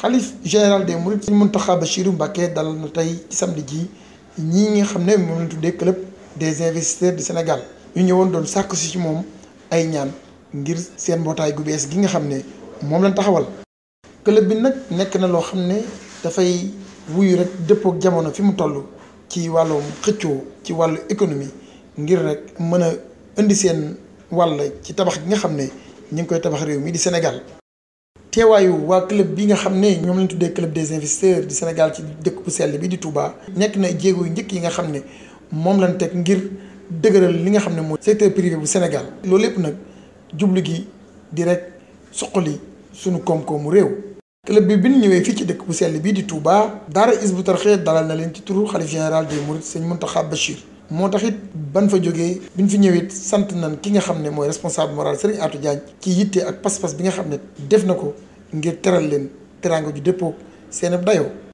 xalif général des mourides Serigne Mountakha Bassirou Mbacké dalal na tey ci samedi ji ñi nga xam ne moom la tuddee club des investisseurs du Sénégal yu ñëwoon doon sàkku si moom ay ñaan ngir seen mbootaay gu bees gi nga xam ne moom lañ taxawal. club bi nag nekk na loo xam ne dafay wuyu rek dëppook jamono fi mu toll ci wàllum xëccoo ci wàllu économie ngir rek mën a indi seen wàll ci tabax gi nga xam ne ñu ngi koy tabax réew mii di Sénégal. teewaayu waa club bi nga xam ne ñoom lañ tuddee club des investisseurs du Sénégal ci dëkk bu sell bi di Touba. nekk na jéego njëkk yi nga xam ne moom lañ teg ngir dëgëral li nga xam ne mooy secteur privé bu Sénégal. loolu lépp nag jublu gi di rek suqali sunu koom-koomu réew. club bi bi ñu ñëwee fii ci dëkk bu sell bii di Touba. Daara Hizbut Tarqiyyah dalal na leen ci turu xalif général des Mourides sëñ Mountakha Bachir. moo taxit ban fa jógee bi ñu fi ñëwee sant nañ ki nga xam ne mooy responsable moral Serigne Atou Diagne ci yitte ak pas-pas bi nga xam ne def na ko ngir teral leen teraanga ju dëppoo seen dayoo.